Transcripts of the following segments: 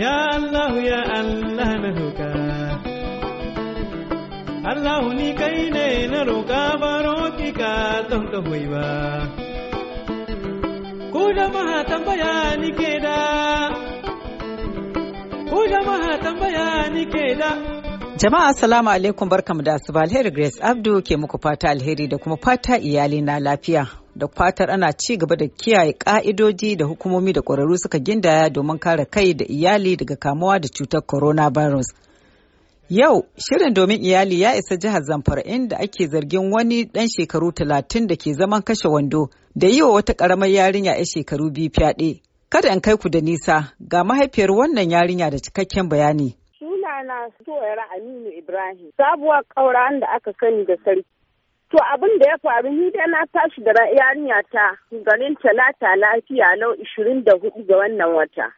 Ya Allah ya Allah na roka Allah ni kai ne na roka baro ki ka don ka hoyi ba Ku jama'a tambaya ni ke da Ku jama'a tambaya ni ke da Jama'a salamu alaikum barkamu da asuba alheri Grace Abdu ke muku fata alheri da kuma fata iyali na lafiya da fatar ana ci gaba da kiyaye ka'idodi da hukumomi da ƙwararru suka gindaya domin kare kai da iyali daga kamuwa da cutar coronavirus. Yau, shirin domin iyali ya isa jihar Zamfara inda ake zargin wani ɗan shekaru talatin da ke zaman kashe wando da yi wa wata ƙaramar yarinya 'ya shekaru biyu fyaɗe. Kada in kai ku da nisa ga mahaifiyar wannan yarinya da cikakken bayani. Sunana Zuwaira Aminu Ibrahim, sabuwar ƙauran da aka sani da sarki. To abin da ya faru ni da na tashi da yarinya ta garin talata lafiya lau ishirin da hudu ga wannan wata.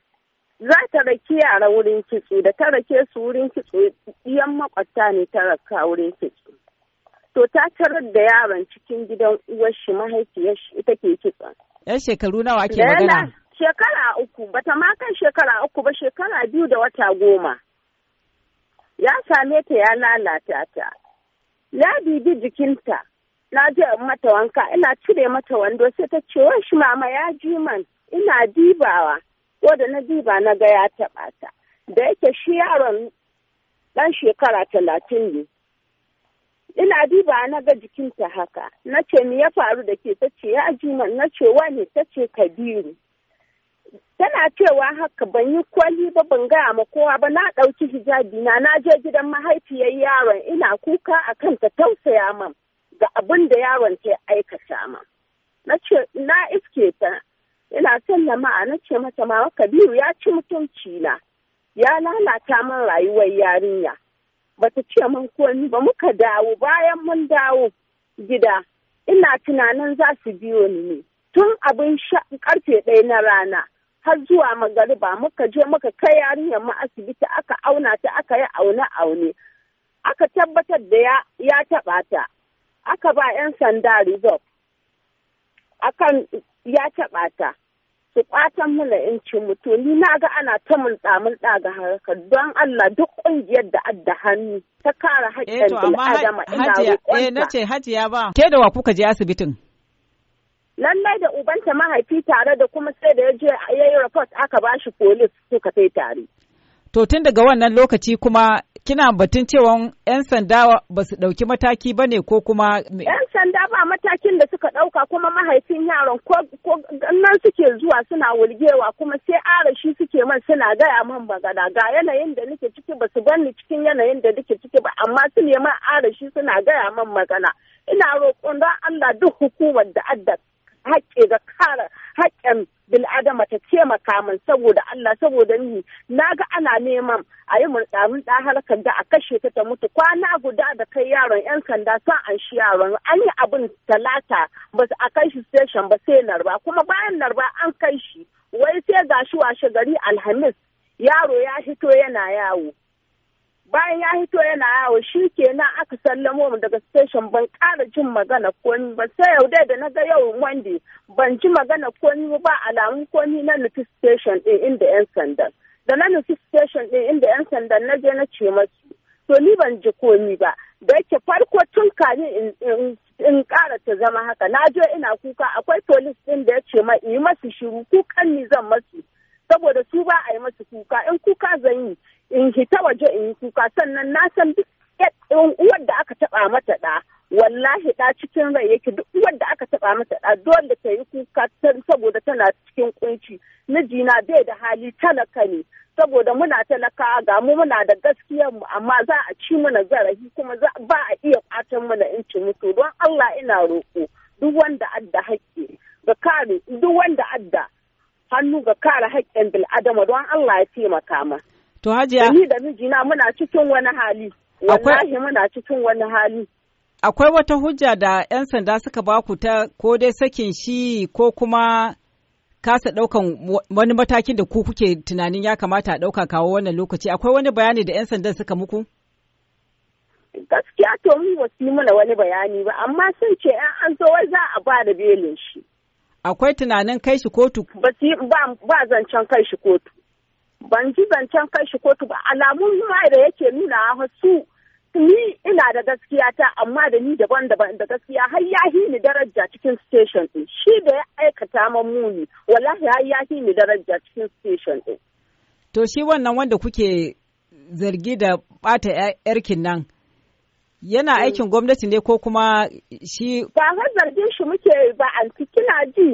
Za ta rake yara wurin kitso da ta rake su wurin kitso ɗiyan makwata ne ta raka wurin kitso. To ta tarar da yaron cikin gidan uwar shi mahaifiyar shi ita ke kitso. Yan shekaru nawa ake magana? Shekara uku bata ma kan shekara uku ba shekara biyu da wata goma. Ya same ta ya lalata ta. na bibi jikinta na je mata wanka ina cire mata wando sai ta ce wai shi mama ya ji man ina dibawa ko da na diba na ga ya taɓa ta da yake shi yaron dan shekara talatin ne ina diba na ga jikinta haka na ce me ya faru da ke ta ce ya ji man na ce wani ta ce kabiru tana cewa haka ban yi kwali ba ban gaya ma kowa ba na ɗauki hijabi na na je gidan mahaifiyar yaron ina kuka a kan ta tausaya man ga abin da yaron ta aikata man. Na ce na iske ta ina son na ce mata ma Kabiru ya ci mutunci na ya lalata min rayuwar yarinya. Bata ce man komi ba muka dawo bayan mun dawo gida ina tunanin za su biyo ni ne. Tun abin karfe ɗaya na rana har zuwa magariba muka je muka kai yarinyar mu asibiti aka auna ta aka yi aune aune aka tabbatar da ya taɓa ta aka ba 'yan sanda result akan ya taɓa ta su ƙwatan in ci mutu ni na ga ana ta mulɗa mulɗa ga harkar don Allah duk ƙungiyar da adda hannu ta kare haƙƙin eh, bil'adama ina roƙonta. Eh na ce hajiya ba. Ke da wa kuka je asibitin? lallai da ubanta mahaifi tare da kuma sai da ya je ya yi report aka ba shi polis suka kai tare. To tun daga wannan lokaci kuma kina batun cewa 'yan sanda ba su ɗauki mataki ba ne ko kuma. 'Yan sanda ba matakin da suka ɗauka kuma mahaifin yaron ko nan suke zuwa suna wulgewa kuma sai arashi suke man suna gaya man magana ga yanayin da nake ciki ba su ni cikin yanayin da nake ciki ba amma su neman arashi suna gaya man magana. Ina roƙon don Allah duk hukumar da addar haƙƙi ga kare haƙƙin bil'adama ta taimaka min saboda Allah saboda ni na ga ana neman a yi murɗarin ɗan harkar da a kashe ta ta mutu kwana guda da kai yaron yan sanda sun an shi yaron an yi abin talata ba a kai shi station ba sai narba kuma bayan narba an kai shi wai sai ga shi washe gari alhamis yaro ya hito yana yawo bayan ya hito yana yawo shi kenan aka sallamo mu daga station ban ƙara jin magana komi ba sai yau da na ga yau wande ban ji magana komi ba alamun komi na nufi station ɗin inda yan sandan da na nufi station ɗin inda yan sandan na je na ce masu to ni ban ji komi ba da yake farko tun kani in ƙara ta zama haka na je ina kuka akwai polis ɗin da ya ce ma yi masu shiru kukan ni zan masu saboda su ba a yi masu kuka in kuka zan yi in hita waje in yi kuka sannan na san duk uwar da aka taba mata da wallahi da cikin rai yake duk uwar da aka taba mata da dole ta yi kuka saboda tana cikin kunci mijina bai da hali talaka ne saboda muna talaka ga mu muna da gaskiyar mu amma za a ci mana zarafi kuma ba a iya ƙwatar mana inci mutu don Allah ina roƙo duk wanda adda hakki ga kare duk wanda adda hannu ga kare haƙƙin bil'adama don Allah ya taimaka ma. To hajiya. Ni da mijina muna cikin wani hali. Wallahi muna cikin wani hali. Akwai wata hujja da 'yan sanda suka baku ta ko dai sakin shi ko kuma kasa ɗaukan wani matakin da ku kuke tunanin ya kamata a ɗauka kawo wannan lokaci. Akwai wani bayani da 'yan sandan suka muku? Gaskiya to mu ba su mana wani bayani ba, amma sun ce 'yan an zo wai za a ba da belin shi. Akwai tunanin kai shi kotu? Ba zancen kai shi kotu. ban ji zancen kai shi kotu ba alamun ma da yake nuna su ni ina da gaskiya ta amma da ni daban daban da gaskiya har ya ni daraja cikin station din shi da ya aikata man muni wallahi har ya ni daraja cikin station din to shi wannan wanda kuke zargi da bata yarkin nan yana eh. aikin gwamnati ne ko kuma shi ba har zargin shi muke ba anti kina ji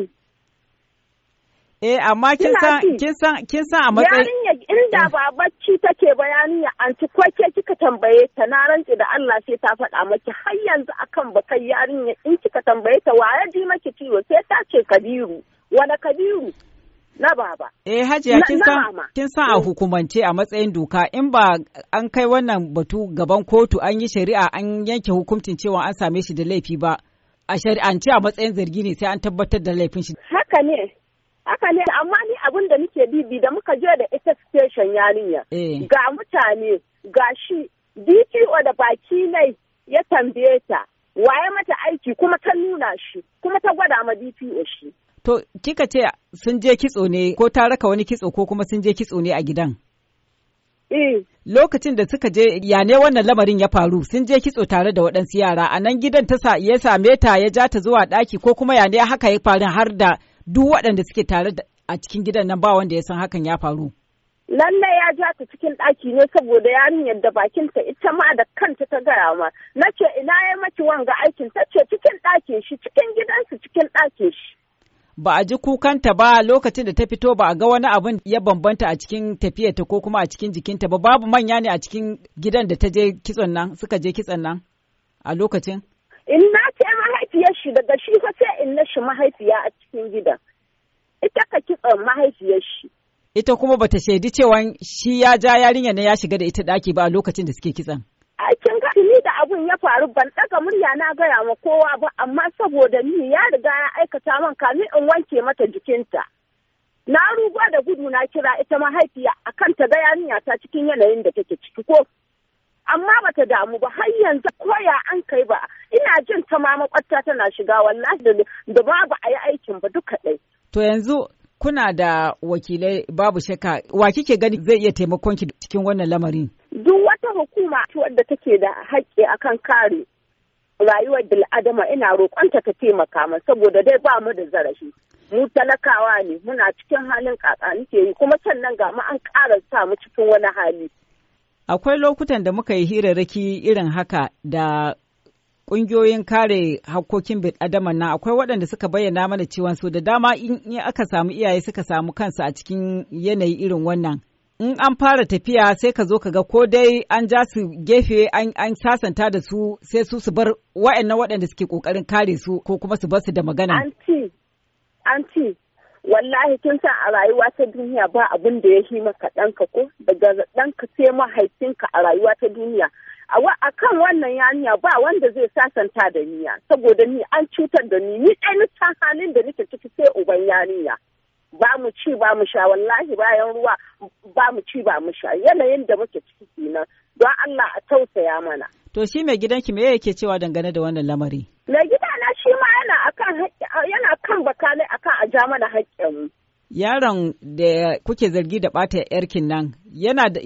Eh amma kin san kin san kin san a matsayin yarinya inda eh. ba bacci take bayani ya anti ko ke kika tambaye ta na rantse da Allah sai ta faɗa maki har yanzu akan bakai yarinya in kika tambaye ta waye ji maki ciwo sai ta ce Kabiru wani Kabiru na baba. Eh Hajiya kin san kin san a eh. hukumance a matsayin doka in ba an kai wannan batu gaban kotu an yi shari'a an yanke hukuncin cewa an same shi da laifi ba a shari'ance a matsayin zargi ne sai an tabbatar da laifin shi. Haka ne haka ne amma ni abin da nake bibi da muka je da ita station yarinya eh. ga mutane ga shi DTO da baki nai ya tambaye ta waye mata aiki kuma ta nuna shi kuma ta gwada ma DTO shi to kika ce sun je kitso ne ko ta raka wani kitso ko kuma sun je kitso ne a gidan e Lokacin da suka je ya ne wannan lamarin ya faru sun je kitso tare da waɗansu yara a nan gidan ta ya same ta ya ja ta zuwa ɗaki ko kuma ya ne haka ya faru har da duk waɗanda suke tare a cikin gidan nan ba wanda ya san hakan ya faru. Lallai ya ja ta cikin ɗaki ne saboda ya yarinyar da bakinta ita ma da kanta ta gaya ma. Na ce ina ya maki wanga aikin ta ce cikin ɗaki shi cikin gidansu cikin ɗaki shi. Ba a ji kukanta ba lokacin da ta fito ba a ga wani abin ya bambanta a cikin tafiyarta ko kuma a cikin jikinta ba babu manya ne a cikin gidan da ta je kitson nan suka je kitson nan a lokacin. In mahaifiyar shi daga shi fa sai in na shi mahaifiya a cikin gidan ita ka kitsa mahaifiyar shi ita kuma bata shaidi cewa shi ya ja yarinya na ya shiga da ita daki ba a lokacin da suke kitsan a kin ga ni da abun ya faru ban daga murya na gaya ma kowa ba amma saboda ni ya riga ya aikata man kamin in wanke mata jikinta na ruga da gudu na kira ita mahaifiya akan ta ga yarinya ta cikin yanayin da take ciki ko amma bata damu ba har yanzu koya an kai ba ina jin ta ma makwabta tana shiga wallahi da babu a yi aikin ba duka ɗai. To yanzu kuna da wakilai babu shakka wa kike gani zai iya taimakon ki cikin wannan lamarin? Duk wata hukuma wadda take da haƙƙi akan kare rayuwar bil'adama ina roƙonta ta taimaka mana saboda dai ba mu da zarafi. Mu talakawa ne muna cikin halin ƙaƙa ke yi kuma sannan ga mu an ƙara sa mu cikin wani hali. Akwai lokutan da muka yi hirarraki irin haka da ƙungiyoyin kare hakkokin adaman nan akwai waɗanda suka bayyana mana ciwon su da dama in aka samu iyaye suka samu kansu a cikin yanayi irin wannan. In an fara tafiya sai ka zo ka ga ko dai an ja su gefe an sasanta da su sai su su bar wa'annan waɗanda suke ƙoƙarin kare su ko kuma su bar su da magana. An ce, wallahi kin san a rayuwa ta duniya ba abun da ya shi maka ɗanka ko daga ɗanka sai mahaifinka a rayuwa ta duniya a kan wannan yaniya ba wanda zai sasanta da niya saboda ni an cutar da ni ni ɗani ta halin da nake ciki sai uban yarinya ba mu ci ba mu sha wallahi bayan ruwa ba mu ci ba mu sha yanayin da muke ciki kenan don Allah a tausaya mana to shi mai gidanki me yake cewa dangane da wannan lamari mai gidana shi ma yana akan yana kan a kan a ja mana haƙƙin. Yaron da kuke zargi da ɓata yarkin nan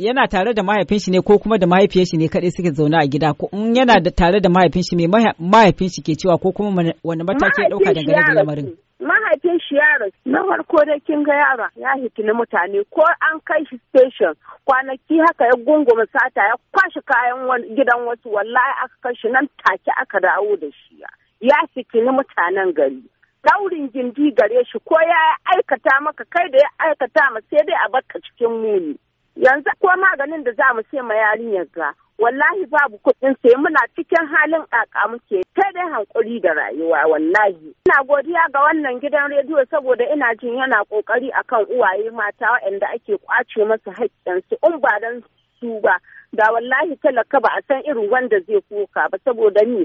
yana tare da mahaifin shi ne ko kuma da mahaifiyar shi ne kaɗai suke zaune a gida ko in yana da tare da mahaifin shi mai mahaifin shi ke cewa ko kuma wani mataki ya ɗauka dangane da lamarin. Mahaifin shi yaron na farko da kin ga yara ya hitini mutane ko an kai shi station kwanaki haka ya gunguma sata ya kwashi kayan gidan wasu wallahi aka kai shi nan take aka dawo da shi ya hitini mutanen gari. daurin gindi gare shi ko ya aikata maka kai da ya aikata ma sai dai a baka cikin muni yanzu ko maganin da za mu sai ma yarinyar ga wallahi babu kuɗin sai muna cikin halin ƙaƙa muke Kai dai hankuri da rayuwa wallahi ina godiya ga wannan gidan rediyo saboda ina jin yana ƙoƙari akan uwaye mata waɗanda ake ƙwace masu haƙƙinsu in ba don su ba da wallahi talaka ba a san irin wanda zai kuka ba saboda ni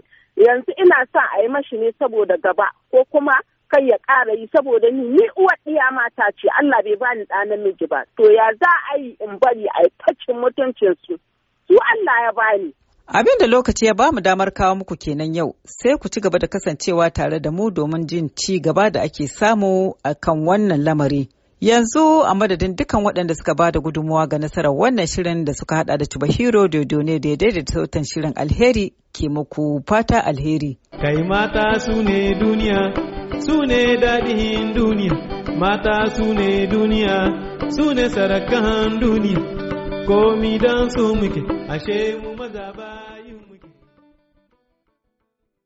yanzu ina sa a yi mashi ne saboda gaba ko kuma kai ya ƙara yi saboda ni ni uwar ɗiya mata ce Allah bai bani ɗa namiji ba to ya za a yi in bari a yi tacin mutuncinsu su Allah ya bani. Abin da lokaci ya bamu damar kawo muku kenan yau sai ku ci gaba da kasancewa tare da mu domin jin ci gaba da ake samu akan wannan lamari. Yanzu a madadin dukkan waɗanda suka ba da gudunmuwa ga nasarar wannan shirin da suka hada da Chubahiro Dodone da ya da sautan shirin alheri ke muku fata alheri. Kai mata su ne duniya, su ne daɗin duniya, mata su ne duniya, su ne sarakan duniya, komi don su muke, ashe mu maza ba.